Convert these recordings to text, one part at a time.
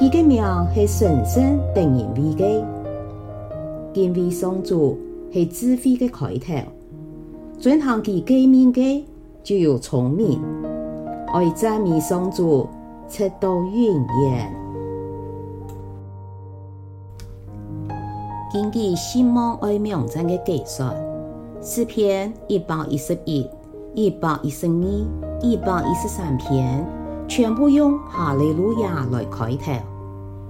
佢、這個名是神聖定然會的，敬畏上主是智慧的開頭，轉向佢嘅面就有聰明，愛讚美上主切到永遠，根據希望愛妙真的記載，詩篇一百一十一、一百一十二、一百一十三篇，全部用哈利路亞來開頭。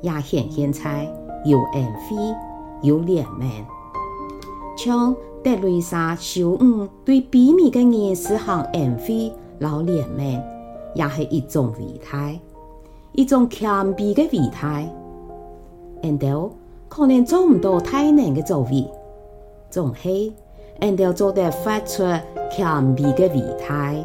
也顯現出有恩惠、有臉面。像德瑞莎、修女對比美的人施行恩惠、老臉面，也是一種美態，一種謙卑的美態。人哋可能做唔到太難嘅作為，總係人哋做得發出謙卑的美態。